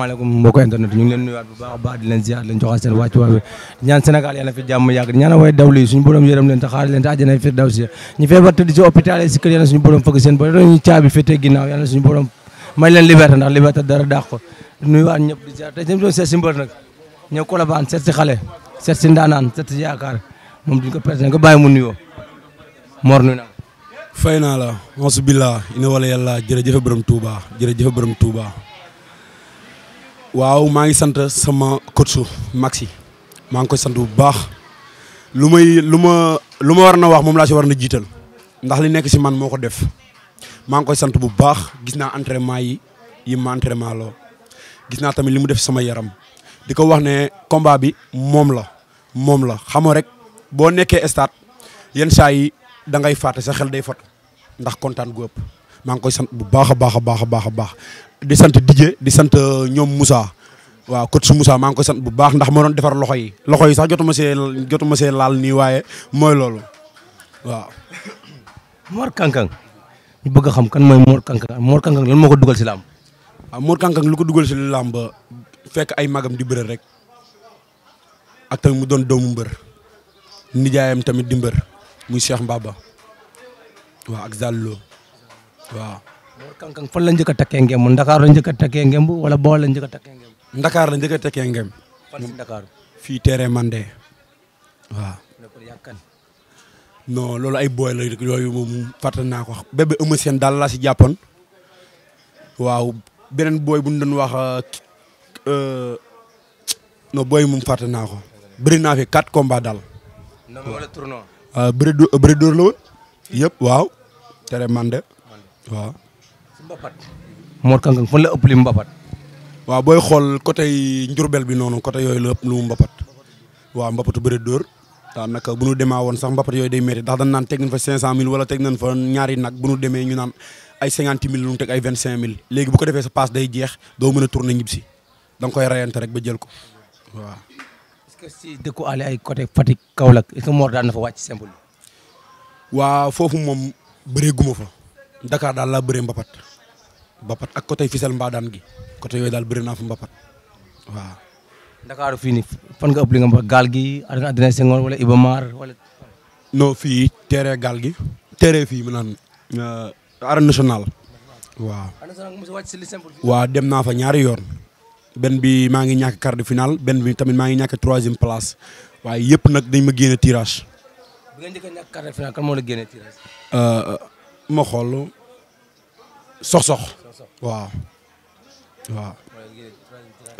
asalaamaaleykum mbokk internet ñu ngi leen nuyuwaat bu baax a baax di leen ziar di leen joxaat seen wàccu waay ñaan Sénégal yàlla fi jàmm yàgg ñaan way dawlu yi suñu borom yërëm leen te xaar leen te àjjana fi daw si ñu feebar tëdd si hôpital si suñu borom fëgg seen borom borom may si mbër nag si xale seet si moom duñ ko perte ko bàyyi mu nuyoo Mor nuyu naa fay naa la ansu billah ina wala yàlla jërëjëfe borom Touba jërëjëfe borom Touba waaw maa ngi sant sama su mag si maa ngi koy sant bu baax lu may lu ma lu ma war na wax moom laa si war na jiital ndax li nekk si man moo ko def maa ngi koy sant bu baax gis naa entraînement yi yi ma entraînement loo gis naa tamit li mu def sama yaram di ko wax ne combat bi moom la moom la xamoo rek boo nekkee stade yenn saa yi da ngay fàtte sa xel day fot ndax kontaan gu ëpp maa ngi koy sant bu baax a baax a baax a baax a baax di sant Didier di sant euh, ñoom Moussa waaw coach Moussa maa ngi ko sant bu baax ndax moo doon defar loxo yi loxo yi sax jotuma see jotuma see laal nii waaye mooy loolu waaw. Mor Kankang ñu bëgg a xam kan mooy Mor Kankang Mor Kankang lan moo ko dugal si làmb. waaw Mor Kankang lu ko dugal si làmb fekk ay magam di bëre rek ak tamit mu doon doomu mbër nijaayam tamit di mbër muy Cheikh Mbaba waaw ak Zallo waaw. Mor Kang Kang la njëkk a takkee ngemb Ndakaar a takkee ngemb wala Bawol la njëkk a takkee ngemb. Ndakaar la a takkee ngemb. fan si fii terrain Mandé waaw. loolu ay booy la yooyu moom fàttali ko bébé ëmm daal laa si jàppoon waaw beneen booy bu ñu doon wax euh, non booy moom fàttali naa ko. bëri naa fi quatre combats daal. non wala euh, la woon. yëpp waaw. tere mande waaw. mbapat Mor Kang Kang fan la ëpp li mbapat waaw booy xool côté njurbel bi noonu côté yooyu la ëpp lu mu mbapat waaw mbapatu bëri dóor waaw nag bu ñu demaa woon sax mbapat yooyu day métti ndax dañ naan teg nañ fa cinq cent mille wala teg nañ fa ñaari nag bu ñu demee cinq mille léegi bu ko defee sa passe day jeex doo mën a tourner ñib si koy rayante rek ba jël ko waaw est-ce que si dëkku àll ay côté Fatick Kaolack est-ce que Mor daan na fa wàcc simple waaw foofu moom bëree guma fa Dakar daal laa bëree mbapat ak côté Fissel Mbadaan gi côté yooyu daal bëri naa fa mbapat waaw. Dakar fii nii fan nga ëpp li nga mbapat gaal gi Adrien Senghor wala Iba Mar wala. fii terrain gaal gi. terrain fii mu naan. Euh, arène nationale. waaw dem naa fa ñaari yoon. benn bi maa ngi ñàkk quart de benn bi tamit maa ngi ñàkk troisième place waaye yëpp nag dañ ma génne tirage. bi nga njëkk euh, ma xool. sox-sox waaw waaw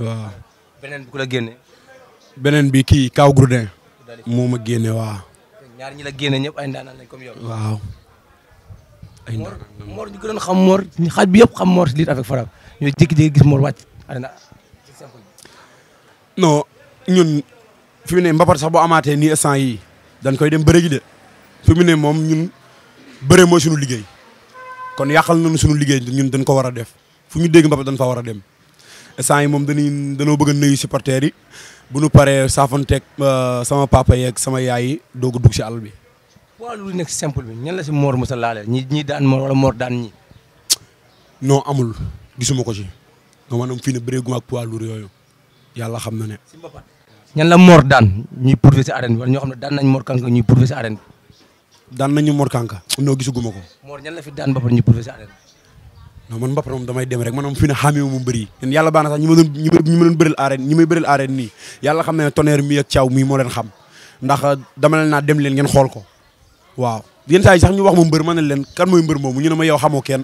waaw beneen bi ku la bi kii Kaw Gourdin moo ma génne waaw ñaar ñi la génne ñëpp ay ndaanaan lañ comme yow waaw ay ndaanaan ñu gënoon xam Mor xaaj bi yëpp xam Mor si lutte avec frappe ñooy jékki-jékki gis Mor wàcc arena ñun fi mu ne mbapat sax bu amaatee nii instant yii dañ koy dem bëre de fi mu ne moom ñun bëre moo suñu liggéey kon yàqal nañu suñu liggéey ñun dañ ko war a def fu ñu dégg mbapat dañ fa war a dem instant yi moom dañuy dañoo bëgg a si supporters yi bu ñu paree saafanteeg euh, sama papa yeek sama yaay yi doog a dugg si àll bi. waaw loolu nekk simple bi ñan la si Mor Moussa laale ñi ñi daan Mor wala Mor daan ñi. non amul gisuma ko ci nga maanaam fii ne bëreeguma ak poids lourd yooyu yàlla xam na ne. ñan la Mor daan ñuy pourvu si arène bi wala ñoo xam ne daan nañ Mor Kang ñuy pourvu si arène bi. daan nañu Mor Kanka noo gisuguma ko. Mor ñan la fi daan Mbappar ñu professeur Arène. man Mbappar moom damay dem rek man moom fi ne xàmmee mu bëri. yàlla baax na sax ñi ma doon ñi ma doon bëril Arène ñi nii yàlla xam ne tonnerre mi ak caaw mii moo leen xam ndax euh, dama leen naa dem leen ngeen xool ko waaw yenn saa yi sax ñu wax ma mbër ma ne leen kan mooy mbër moomu ñu ne ma yow xamoo kenn.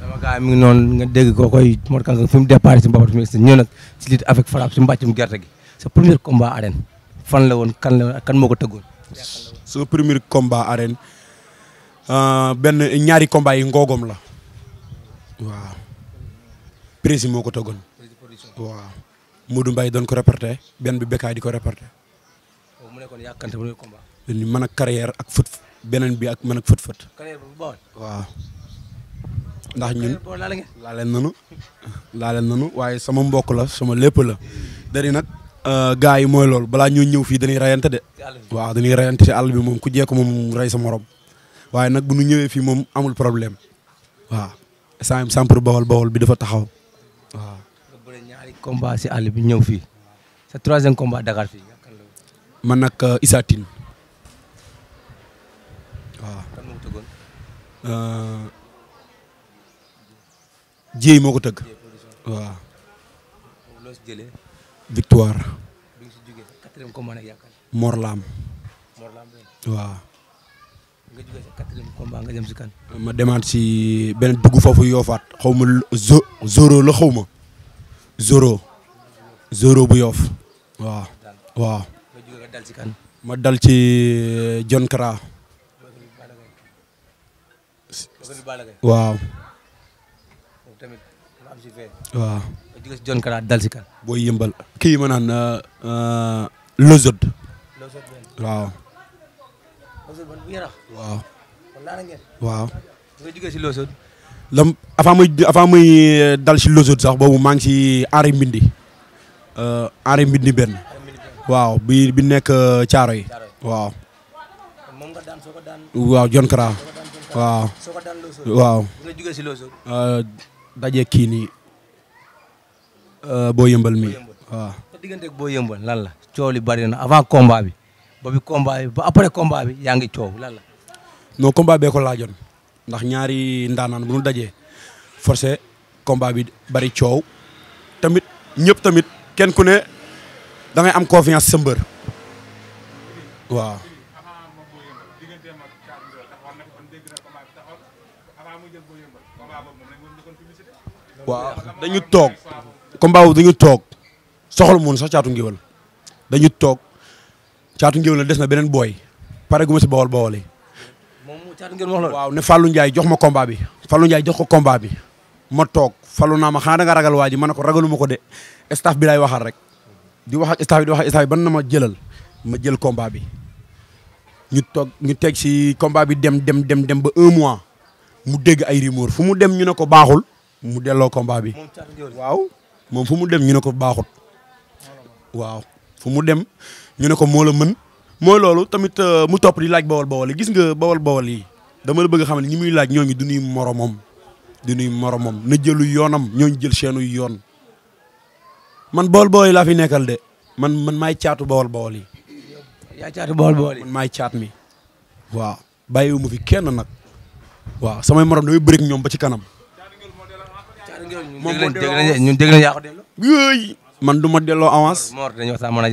dama gaa mi ngi noonu nga dégg ko koy Mor Kanka fi mu départ si Mbappar fi mu ñëw nag si lutte gerte gi sa premier combat arène fan la woon kan la kan moo ko tëggoon sama premier combat arène euh, benn ñaari combat yi ngoogom la waaw prési moo ko tëggoon waaw Modou Mbaye doon ko reporté benn bi Bekkaay di ko reporté oh, mu nekkoon yàkkante premier combat ni man ak carrière ak fët beneen bi ak man ak fët fët waaw ndax ñun laaleen nanu laaleen nanu waaye sama mbokk la sama lépp la dari nag Euh, gars yi mooy loolu balaa ñoo ñëw fii dañuy rayante de. waaw dañuy rayante ci àll bi moom ku jeeku moom rey sa morom waaye nag bu ñu ñëwee fii moom amul problème waaw. saa sampur bawol bawol bi dafa taxaw waaw. nga àll bi ñëw fii sa troisième combat Dakar fii. man nag euh, Issa Tine moo ko tëggoon. Jéy euh, waaw. victoire. bi nga si jugee sa quatrième combat nag yaakaar naa. Morlam. Morlam waaw. nga ma demaat si benn dugg foofu yoofaat xaw ma zo zoro la xaw ma. bu yoof. waaw waaw. nga dal si ma dal ci eh, John Kara. waaw. jóge si John Kara dal si kan. booy yëmbal kii ma naan Lozod. Euh, Lozod benn waaw. Lozod ban bu yarax. waaw. Euh, dal si Lozod sax boobu maa ngi si Henri Mbindi. Euh, Henri Mbindi benn. waaw bi nekk Caaro yi. waaw. moom Kara. waaw. waaw. daje kii nii. Euh, boo yëmbal mi waaw. sa diggante boo yëmbal lan la coow li bari na avant combat bi ba bi combat bi ba après combat yaa ngi coow lan la. non combat bee ko laajoon ndax ñaari ndaanaan bu ñu dajee forcé combat bari coow tamit ñëpp tamit kenn ku ne da am confiance sa mbër waaw dañu toog combat boobu dañu toog soxla mun sax caatu ngéwél dañu toog caatu ngéwél la des na beneen booy pare gu ma si bawol bawol moom caatu ngéwél wax waaw ne Fallou Ndiaye jox ma combat bi Fallou Ndiaye jox ko combat bi ma toog Fallou naa ma xanaa da nga ragal waa ji ma ne ko ragalu ma ko de staff bi laay waxal rek di wax ak staff bi di wax ban na ma jëlal ma jël combat bi. ñu toog ñu teg si combat bi dem dem dem dem ba un mois mu dégg ay rumeur fu mu dem ñu ne ko baaxul mu delloo combat bi waaw moom fu mu dem ñu ne ko baaxut waaw fu mu dem ñu ne ko moo mën mooy loolu tamit euh, mu topp di laaj bawal bawal yi gis nga bawal bawal yi dama la bëgg xam ne ñi muy laaj ñooñu du ñuy moromam du ñuy moromam na jëlu yoonam ñooñu jël seenu yoon man bawal bawal yi laa fi nekkal de man man maay caatu bawal bawal yi. yaa man maay caat mi. waaw bàyyiwu ma fi kenn nag waaw samay morom damay bëri ak ñoom ba ci kanam. moom moo delloo avance ñun dégg nañu yaa ko delloo. man du ma delloo avance. Mor dañuy waxtaan man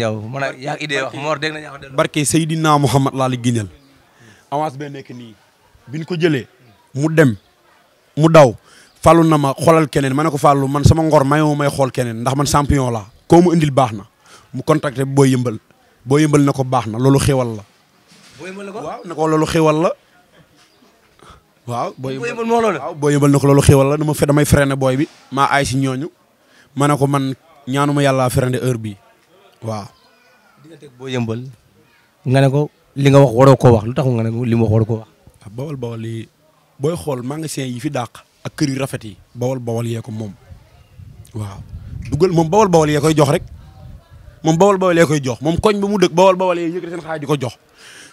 ak barke Seydina Mouhamad laa la gënal. avance nekk nii. bi ñu ko jëlee. mu dem mu daw. fàllu na ma xoolal keneen ma ne ko fallu man sama ngor mayoo may xool keneen ndax man sampion la koo mu indil baax na mu contacté boo yëmbal boo yëmbal na ko baax na loolu xéwal la. waaw booy yëbal moo loolu waaw booy yëbal na ko loolu xéwal la dama fe damay freiné booy bi maa ay si ñooñu ma ne ko man ñaanuma yàlla freiné heure bii waaw boo yëmbal nga ne ko li nga wax waroo koo wax lu tax nga ne li mu wax waroo wax waaw ah, bawal bawal yi booy xool magasin yi fi dàq ak kër yu rafet yi bawal bawal yee ko moom waaw dugal moom bawal bool yee koy jox rek moom bawal bawal yee koy jox moom koñ ba mu dëkk bawal bool yee yëkkati seen xaaj ko jox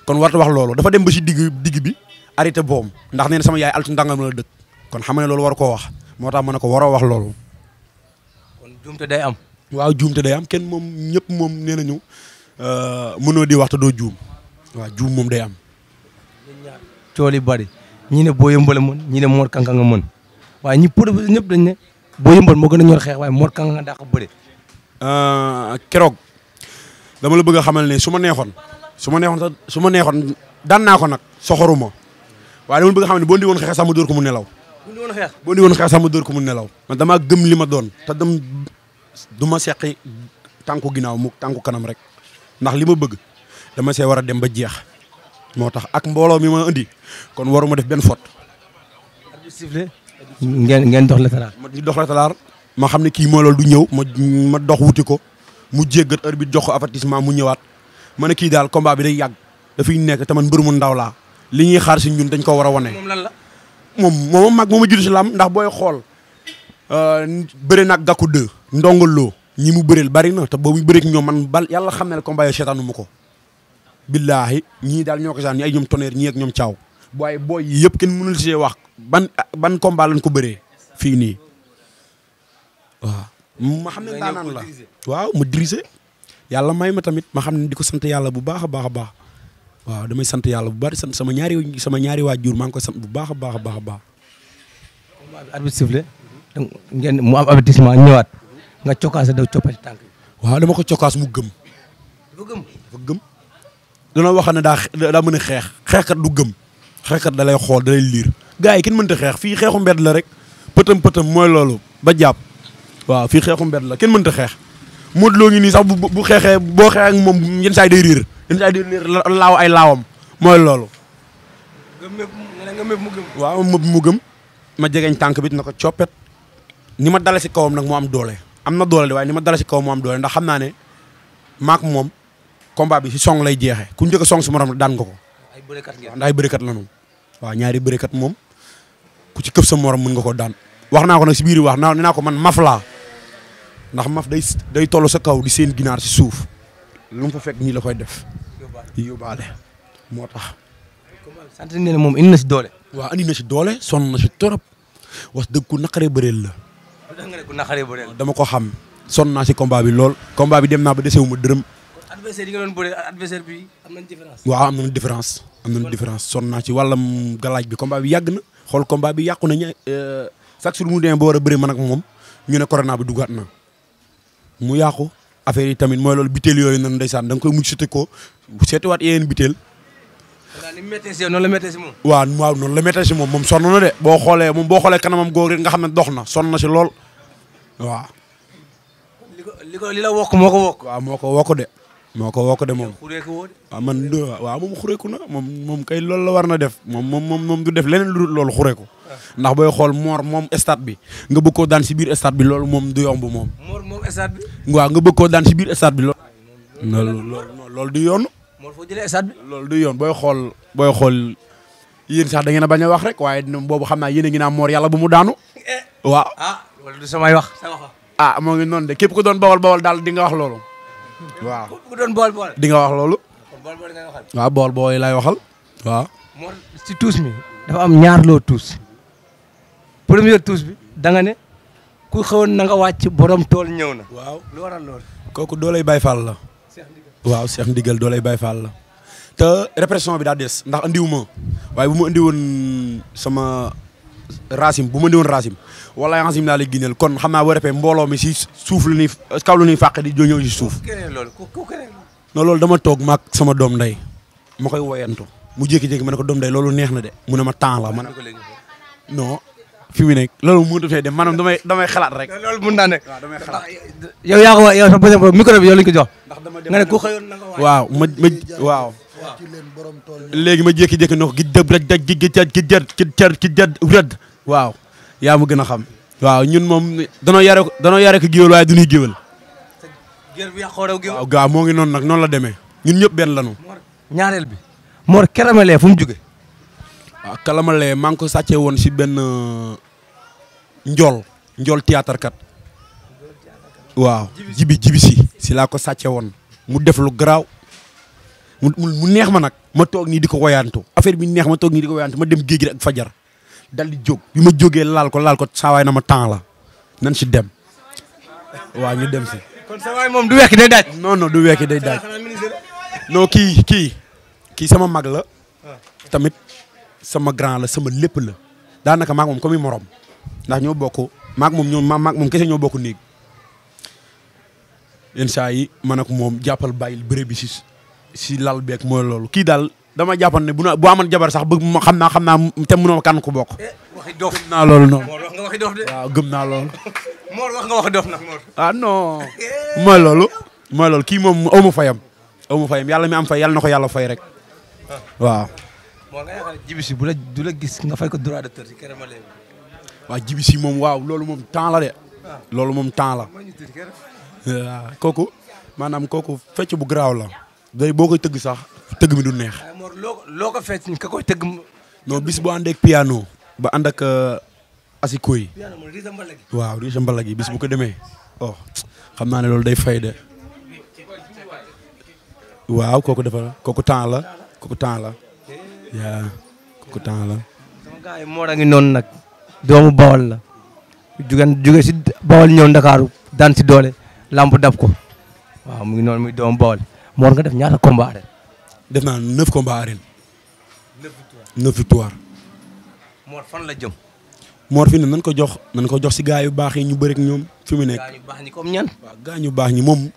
kon warta wax loolu dafa dem ba si digg digg bi arrêté boobu ndax nee sama yaay altu ndangam la dëkk kon xam ne loolu war ko wax moo tax ma ne ko war a wax loolu. kon juumte day am. waaw juumte day am kenn moom ñëpp moom nee nañu euh, mënoo di wax te doo juum waaw juum moom day am. cool yi bari ñi ne boo yëmbale mën ñi ne Mor Kang Kang nga mën waaye ñi pour ñëpp dañ ne boo yëmbal moo gën a ñor xeex waaye Mor Kang Kang nga dàq bëri. Euh, keroog dama la bëgg a xamal ne su ma neexoon su ma neexoon sax su ma neexoon daan naa ko nag soxoruma waaye dama bëgg a xam ne boo ndi woon xeex sax ma dóor ko mu nelaw boo ndi woon xeex sax ma dóor ko mu nelaw man damaa gëm li ma doon te dem ma seqi tànku ginnaaw mu tànku kanam rek ndax li ma bëgg dama see war a dem ba jeex moo tax ak mbooloo mi ma indi kon waruma def benn fot ngeen ngeen dox latalaar ma dox latalaar ma xam ne kii moo loolu du ñëw ma ma dox wuti ko mu jéggat heure bi jox ko avertissement mu ñëwaat ma ne kii daal combat bi day yàgg dafay nekk te man mbër mu ndaw laa li ñuy xaar si ñun dañ ko war a wane. moom lan la moom moom mag moom ma jiitu si lam ndax booy xool euh, bëri nag gàkku ndongo ndongoloo ñi mu bëreel bari na te boobu ñu bëreeg ñoom man bal yàlla xam ne combat yi seetaanu ma ko. billaahi ñii daal ñoo ko saan ay ñoom tonnerre ñii ak ñoom caaw. waaye booy yëpp kenn mënul see wax ban ban combat lañ ko bëree fii nii waaw. ma xam ne daanaan la waaw yàlla may ma tamit ma xam ne di ko sant yàlla bu baax a baax a baax. waaw damay sant yàlla bu bari sant sama ñaari sama ñaari waajur maa ngi koy bu baax a baax a baax a baax. arbitre sifflé ngeen mu ñëwaat nga cokkaas daw coppati tànk waaw dama ko mu gëm. dafa gëm wax ne daa daa mën a xeex xeexkat du gëm xeexkat da lay xool da liir gars yi kenn mënta xeex fii xeexu mbedd la rek pëtëm pëtëm mooy loolu ba jàpp waaw fii xeexu mbedd la kenn mënta xeex Modou Lo ngi nii sax bu bu xeexee boo xeexee moom yenn saa day riir indi ay diir laaw ay laawam mooy loolu. waaw mépp mu gëm ma jegeñ tànk bi na ko coppet ni ma dale si kawam nag moo am doole am na doole de waaye ni ma dale si kawam moo am doole ndax xam naa ne maak moom combat bi si song lay jeexe ku njëkk a song si morom daan nga ko. ay bërekat ngeen ay bërekat la ñu. waaw ñaari bërekat moom ku ci këf sa morom mun nga ko daan wax naa ko nag si biir wax naa naa ko man maf laa ndax maf day day toll sa kaw di seen ginaar si suuf. lu mu fa fekk nii la koy def. yóbbaale moo tax. sant nañ ne moom indi na si doole. waaw indi na si doole sonn na si torop wax dëgg ku naqaree bëreel la. nga ne ku naqaree bëreel dama ko xam. sonn naa si combat bi lool. combat bi dem naa ba desewu ma dërëm. adversaire yi nga doon bëree adversaire bi am nañ différence. waaw am nañ différence. am nañ sonn naa ci wàllam galaaj bi combat bi yàgg na. xool combat bi yàqu nañu euh, chaque jour mu demee ba war a bëri man ak moom ñu ne corona bi dugaat na mu yàqu affaire yi tamit mooy loolu bitéel yooyu noonu ndeysaan da nga koy mujj sotti ko seetiwaat yeneen bitéel. waaw waa mu méttee si yow la méttee moom. waaw waaw moom moom de. boo xoolee moom boo xoolee kanamam góor it nga xam ne dox na sonn na si lool waaw. li ko ko wokk moo ko wokk. waaw moo ko wokk de. moo ko woo ko de moom waaw ah, man waaw moom xureeku na moom moom kay loolu la war na def moom moom moom du def leneen lu dul loolu xureeku ah. ndax booy xool moor moom stade bi nga bëgg koo daan si biir bi loolu moom du yomb moom. moor moom stade bi. waaw nga bëgg koo daan si biir stade bi loolu. loolu du yoon. moor foo jëlee stade loolu du yoon booy xool booy xool yéen sax da ngeen a bañ a wax rek waaye boobu xam naa yéen a ngi naan moor yàlla bu mu daanu. Eh. waaw ah loolu du wax. ah moo ngi noonu de képp ko doon bawal bawal daal di nga wax loolu. waaw ku bool bool. di nga wax loolu. kon bool bool bool bool yi lay waxal waaw. moo si tuus mi dafa am ñaar loo tuus première tuus bi danga ne ku xëwoon nanga nga wàcc borom tool ñëw na. waaw lu waral loolu. kooku doolay Baye Fall la. waaw seex Cheikh Ndigal doolay bay Fall la. te répression bi daa des ndax andiwu ma waaye bu ma andi woon sama. Racim bu ma néewoon Racim wala Racim naa lay génneel kon xam naa boo defee mi si suuf lu ñuy kaw lu ñuy fàq di ñëw si suuf. non loolu dama toog maag sama doom nday ma koy woyantu mu jekki jékki ma ne ko doom nday loolu neex na de mu ne ma temps la ma ne non fi mu nekk loolu mënut a fee dem maanaam damay damay xalaat rek. loolu mën naa nekk waaw damay xalaat. yow yaa ko yow sa ko na nga waaw ma ma waaw. léegi ma jekki jékki ndox gi dëb rek daj gi gi ca gi jët gi cer rëdd waaw yaa ma gën a xam waaw ñun moom danoo yare danoo yare ko géwél waaye du géwél gaa moo ngi noonu nag noonu la demee ñun ñëpp benn lanu ñaareel bi Mor Karamale fu mu jóge waaw ah, Karamale maa ngi ko sàccee woon si benn euh, njool njool théâtre kat waaw jibi jibi si si laa ko sàccee woon mu def lu garaaw mu mu neex ma nag ma toog nii di ko woyaantu affaire bi neex ma toog nii di ko woyaantu ma dem géej gi fajar dal di jóg bi ma jógee laal ko laal ko saawaay na ma temps la nan si dem waa ñu dem si. kon saawaay moom du wekk day daaj. noonu non du wekk day daaj. non kii kii kii sama mag la. tamit sama grand la sama lépp la daanaka maak moom comme morom ndax ñoo bokk maak moom ñoo maak moom kese ñoo bokk néeg yenn saa yi man ak moom jàppal bàyyil bëre si. si lal beeg mooy loolu kii daal dama jàppoon ne bu na bu amoon jabar sax bëgg ma xam naa xam naa te mënoo kan ku bokk. Eh, waxi dof gëm naa loolu noo Mor wax nga waxi dof de. waaw gëm naa wax nga waxi nag Mor. ah eh. mooy loolu. mooy loolu kii moom aw ma fayam. aw ma fayam mi am fay yàlla na ko yàlla fay rek. Ah. waaw. Mor bu la du la gis nga fay ko droit de terre waaw jibi si moom waaw loolu moom temps de. Ah. loolu moom temps la. waaw kooku maanaam kooku fecc bu garaaw la. day boo koy tëgg sax tëgg mi du neex. Mor loo loo ko fekk ka koy tëgg. non bis bu ànd ak piano. ba ànd ak euh, asiko yi. piano waaw Risa Mbalag yi bis bu ko demee. oh xam naa ne loolu day fay de. waaw kooku dafa kooku temps la kooku temps la. yaa kooku temps la. sama gars ngi noonu nag. doomu Bawol la. jugeen jugee si Bawol ñëw Ndakaaru daan doole lamp dab ko. waaw mu ngi noonu muy doomu Bawol. Mor nga def ñaata combat arène. def naa neuf combat arène. neuf victoire neuf fan la jëm. Mor fi ne nan ko jox nan ko jox si gaa yu baax yi ñu bëri ñoom fi mu nekk. gaa baax ñi comme ñan. waaw gaa ñu baax ñi moom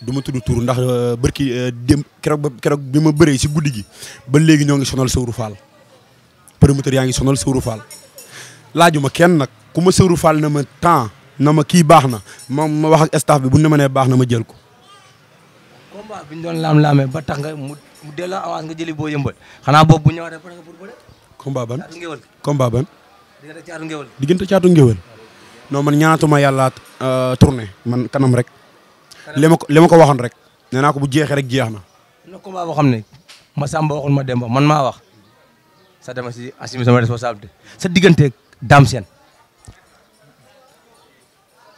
duma ma tudd tur ndax euh, barki euh, dem keroog ba keroog bi ma bëree si guddi gi ba léegi ñoo ngi sonal Sëwru Fall. promoteur yaa ngi sonal Sëwru Fall laajuma kenn nag ku ma Sëwru Fall na ma temps na ma kii baax na ma ma wax ak bi bu ne ma nee baax na ma jël ko. combat bi ñu doon laam-laamee ba tax nga mu mu delloo avance nga jëli boo yëmbal xanaa boobu bu ñëwaatee pare nga pour bëre. combat ban caatu ngéwél diggante caatu ngéwél. diggante caatu ngéwél. non man ñaanatuma yàlla euh, tournée man kanam rek. li ma ko li ma ko waxoon rek. nee ko bu jeexee rek jeex na. na combat boo xam ne ma Samba waxul ma Demba man maa wax sa dama si assumer sama responsabilité sa diggante Dame Sène.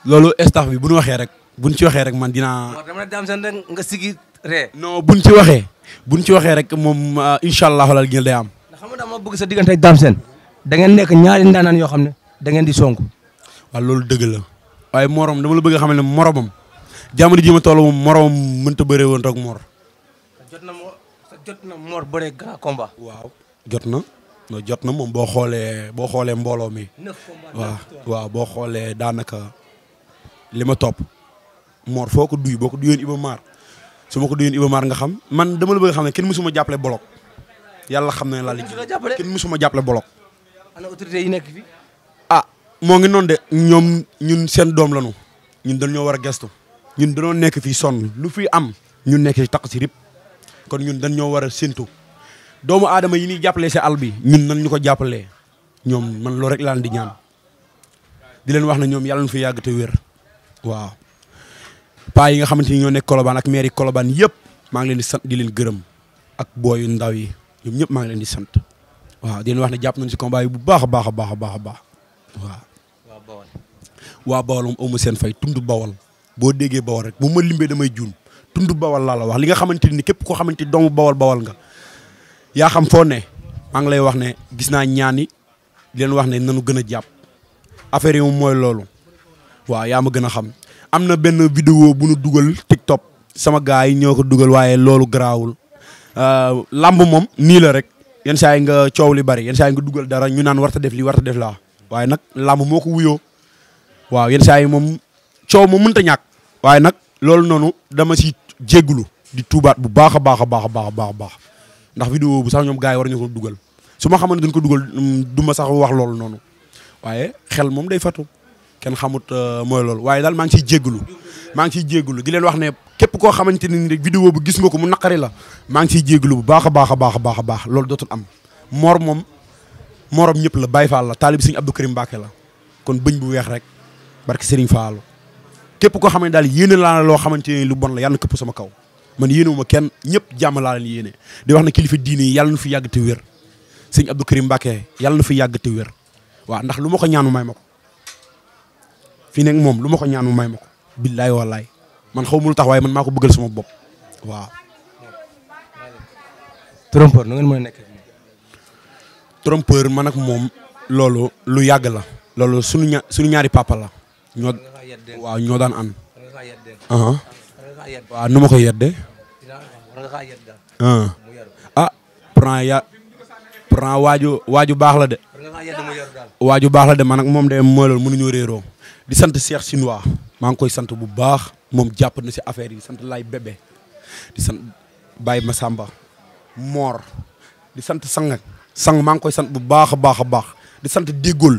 loolu staff bi bu ñu waxee rek buñ ci waxee rek man dinaa. waaw dama ne Dame nga sigi ree. non buñ ci waxee buñ ci waxee rek moom euh, incha allah xoolal gi day am. xam ma dama bëgg sa diggante ak Dame Sène nekk ñaari ndaanaan yoo xam ne da ngeen di sonk. waaw loolu dëgg la waaye morom dama la bëgg xam xamal ne moromam jamono ji ma toll moom moromam mënut bëree woon rek mor. jot na mor jot na mor bëree grand combat. jot na. jot na moom boo xoolee boo xoolee mbooloo mi. waaw waaw boo xoolee daanaka li ma topp. Mor foo ko duy boo ko duyoon Iba Maar su ma ko duyoon Iba Maar nga xam man dama la bëgg xam ne kenn mësuma jàppale bolok yàlla xam ne laa la jàppale kenn mësuma jàppale bolok. ana autorité yi nekk fi. ah moo ngi noon de ñoom ñun seen doom lañu ñun dañoo war a gestu ñun dañoo nekk fii sonn lu fi am ñun nekk ci taq si rib kon ñun dañoo war a séntu doomu aadama yi ñuy jàppale si àll bi ñun nan ñu ko jàppalee ñoom man loolu rek di ñaan di leen wax na ñoom yàlla ñu fi yàgg te wér waaw. paa yi nga xamante ni ñoo nekk Colobane ak maire yi Colobane yëpp maa ngi leen di sant di leen gërëm ak booyu ndaw yi ñoom ñëpp maa ngi leen di sant waaw di wax ne jàpp nañu si combat yi bu baax a baax a baax a baax a waaw. waa Bawol seen fay tund Bawol boo déggee Bawol rek bu ma limbee damay juun tund Bawol laa wax li nga xamante ni képp koo xamante ni doomu Bawol Bawol nga yaa xam ne maa lay wax ne gis naa ñaan yi di leen wax ne nanu gën a jàpp affaire yi moom mooy loolu waaw yaa ma gën a xam am na benn vidéo bu nu dugal TikTok sama gaa yi ñoo ko dugal waaye loolu garaawul euh, làmb moom nii la rek yenn saa yi nga coow li bari yenn saa yi nga dugal dara ñu naan warta def li warta def laa waaye nag làmb moo ko wuyoo waaw yenn saa yi moom coow moom mënta ñàkk. waaye nag loolu noonu dama si jégglu di tuubaat bu baax a baax a baax a baax a baax a baax ndax vidéo bu sax ñoom gars yi war ñu ko dugal su ma xamoon dañ ko dugal mm, du ma sax wax loolu noonu kenn xamut euh, mooy loolu waaye daal maa ngi ciy jégalu maa ngi ciy jégalu di leen wax ne képp koo xamante ne ni rek vidéo bu gis nga ko mu naqari la maa ngi ciy jégalu bu baax a baax a baax baax a baax loolu dootul am moor moom morom ñëpp la Baye faal la taalib Serigne Abdou Karim Mbacké la kon bëñ bu weex rek barke Serigne Fallou képp koo xam ne daal yéene laa loo xamante ne lu bon la yàlla na këpp sama kaw man yéene wu ma kenn ñëpp jàmm laa leen yéene di wax ne kilifa diine yi yàlla na fi yàgg te wér Serigne Abdou Karim Mbacké yàlla na fi yàgg wér waaw ndax lu ma ko ñaanu may ma ko fii nag moom lu ma ko ñaan mu may ma ko. billaay wallaay man xaw ma lu tax waaye man maa ko bëggal sama bopp waaw. trompeur nu ngeen mën a nekk trompeur moom loolu lu yàgg la. loolu sunu ña ñaari papa la. ñoo waaw ñoo daan an uh-huh. waaw nu ma koy yeddee. Uh-huh. ah prend ya prend waaju waaju baax la de. waaju baax la de man ak moom de mooy loolu mënuñu réeroo. di sant Cheikh Chinois maa ngi koy sant bu baax moom jàpp na si affaire yi sant Lay Bébé di sant Baye Massamba Mor di sant Sang Sang maa ngi koy sant bu baax a baax a baax di sant Dégol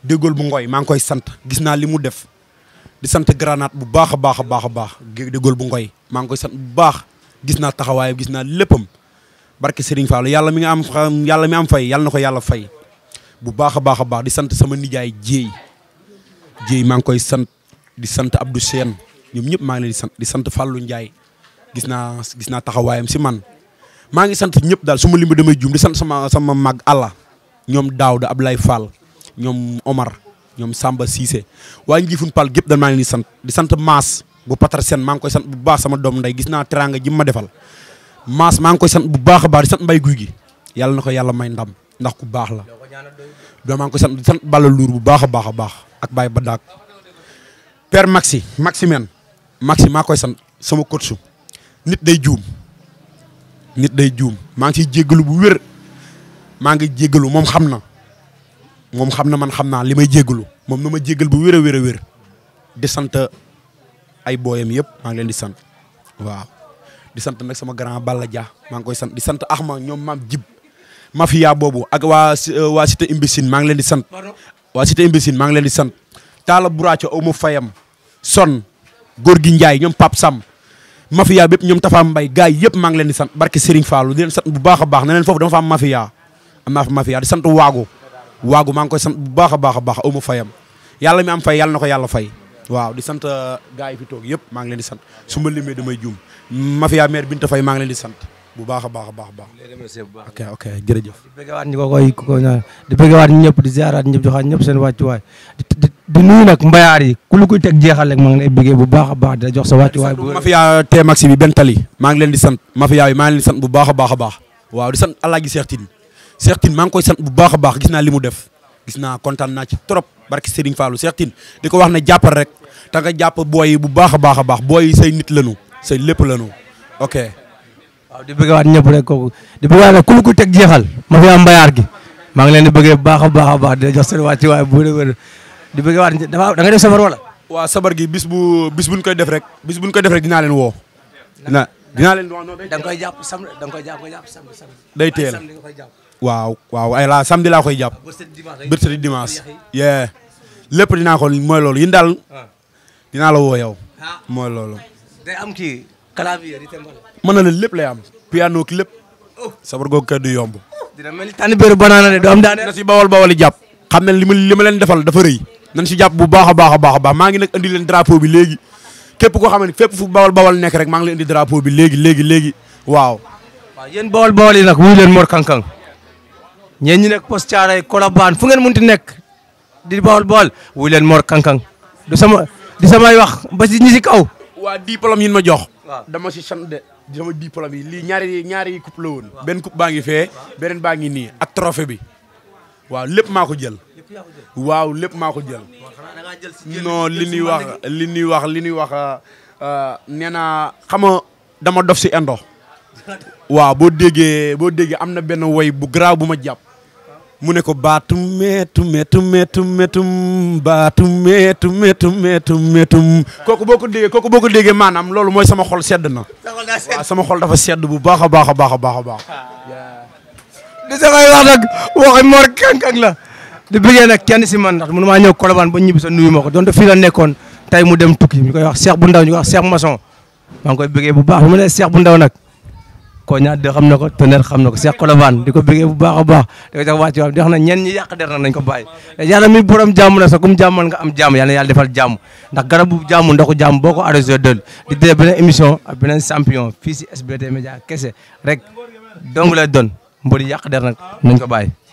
Dégol bu Ngoy maa ngi koy sant gis naa li mu def di sant Granate bu baax a baax a baax a baax Dégol bu Ngoy maa ngi koy sant bu baax gis naa taxawaayam gis naa léppam barke Serigne Fallou yàlla mi nga am yàlla mi am fay yàlla na ko yàlla fay bu baax a baax baax di sant sama nijaay Jéey. jéy maa ngi koy sant di sant Abdou Sène ñoom ñëpp maa ngi leen di sant di sant Fallou Ndiaye gis naa gis naa taxawaayam si man maa ngi sant ñëpp daal su ma limba damay juum di sant sama mag Allah ñoom Daouda Ablaye Fall ñoom Omar ñoom Samba Cissé waaye njiifun Pal gépp dañ maa ngi di sant di sant Maas bu Patra Sène maa ngi koy sant bu baax sama doom nday gis naa teranga ji ma defal Maas maa ngi koy sant bu baax a baax di sant mbay guy gi yàlla na ko yàlla may ndam ndax ku baax la doo Balla Lour bu baax a baax a baax ak Baye Badaak père Maxi Maximène Maxi maa koy sant sama coach nit day juum nit day juum maa ngi ciy jéggalu bu wér maa ngi jéggalu moom xam na moom xam na man xam naa li may jéggalu moom na ma jéggal bu wér a wér a wér di sant ay booyam yëpp maa ngi leen di sant waaw di sant nag sama grand Balla Dia maa ngi koy sant di sant Axma ñoom maam jib mafia boobu ak waa waa cité Imbisine maa ngi leen di sant waa cité imbécile maa ngi leen di sant Talla Bouraca Omo Fayam Son góor gi Ndiaye ñoom Pape Sam mafia bépp ñoom Tafa Mbaye gars yi yëpp maa ngi leen di sant barke Serigne Fallou di leen sant bu baax baax ne leen foofu dama fa am mafia am mafia di sant waagu waagu maa ngi koy sant bu baax a baax a baax Omo Fayam yàlla mi am fay yàlla na ko yàlla fay waaw di sant euh, gars yi fi toog yëpp maa ngi leen di sant su ma limee damay juum mafia mère Binta Faye maa ngi leen di sant bu baax a baax baax baax. ok ok jërëjëf. di bëggewaat ñi ko koy ko ñaan di bëggewaat ñëpp ñëpp joxaat ñëpp seen wàccuwaay di di nuyu nag mbayaar yi ku lu koy teg jeexal rek maa ngi bëggee bu baax a baax di jox sa wàccuwaay. bu mafia maa ngi leen di sant mafia yi maa ngi leen di baax a baax a baax waaw di sant maa ngi koy sant bu baax a baax gis naa li mu def gis naa kontaan naa ci trop barki Serigne Fallou Cheikh Tine di ko wax ne jàppal rek te nga jàpp booy yi bu baax a baax a baax booy yi say nit lanu say lépp lanu ok waaw di bëgg waat ñëpp rek kooku di bëgg waat nag ku ko teg jeexal ma fi am mbayaar gi maa ngi leen di bëggee bu baax a baax di jox da sabar wala waaw sabar gi bis bu koy def rek dinaa leen woo da da nga koy jàpp nga day teel waaw ay la samedi laa koy jàpp bët sëti dimanche yee lépp dinaa ko mooy loolu yin daal ah. dinaa la woo yow ah. mooy loolu day mën na la lépp lay am piano ki lépp sabar googu kër yomb. dina mel ni tànn béeru banaana de du daan daane. na si bawal bawal jàpp. xam na li ma li ma leen defal dafa rëy. nañ si jàpp bu baax a baax a baax a maa ngi nag indi leen drapeau bi léegi képp koo xam ne fépp fu bawal bawal nekk rek maa ngi leen indi drapeau bi léegi léegi léegi waaw. waaw yéen bawal bawal yi nag wuyu leen Mor Kang Kang ñeen ñi nekk post caaray Colobane fu ngeen munti nekk di bawal bawal wuyu leen Mor Kang Kang du sama di samay wax ba si ñi si kaw. waa diplôme yi ma jox. dama si sant de sama diplôme yi lii ñaari ñaari coupe la woon. benn coupe baa ngi fee beneen baa ngi nii ak trophée bi waaw lépp maa ko jël. waaw lépp maa ko jël. non li ñuy wax li ñuy wax li ñuy wax nee naa xama dama dof si endo. waaw boo déggee boo déggee am na benn woy bu garaaw bu ma jàpp. mu ne ko baatum meetum meetum meetum meetum baatum meetum meetum meetum meetum kooku boo ko déggee kooku boo ko déggee maanaam loolu mooy sama xol sedd na waaw sama xol dafa sedd bu baax a baax a baax a baax a baax di samay wax nag waxi Mor Kang-Kang la di bëggee nag kenn si man ndax mënu maa ñëw Colobane ba ñibbi sa nuyu ma ko donte fii la nekkoon tey mu dem tukki ñu koy wax Cheikh bu ndaw ñu koy wax Cheikh maçon maa ngi koy bëggee bu baax bu mu ne Cheikh bu ndaw nag Koña de xam na ko Tonnerre xam na ko Cheikh Colobane di ko bëggee bu baax a baax di ko jox wàcc waam di wax na ñen ñi yàq der na nañ ko bàyyi yàlla mi borom jàmm la sax ku mu jàmmal nga am jàmm yàlla yàlla defal jàmm ndax garabu jàmm ndoxu jàmm boo ko arrosé dël di dee beneen émission ak beneen champion fii si SBT Média kese rek dong lay doon mbëri yàq der nag nañ ko bàyyi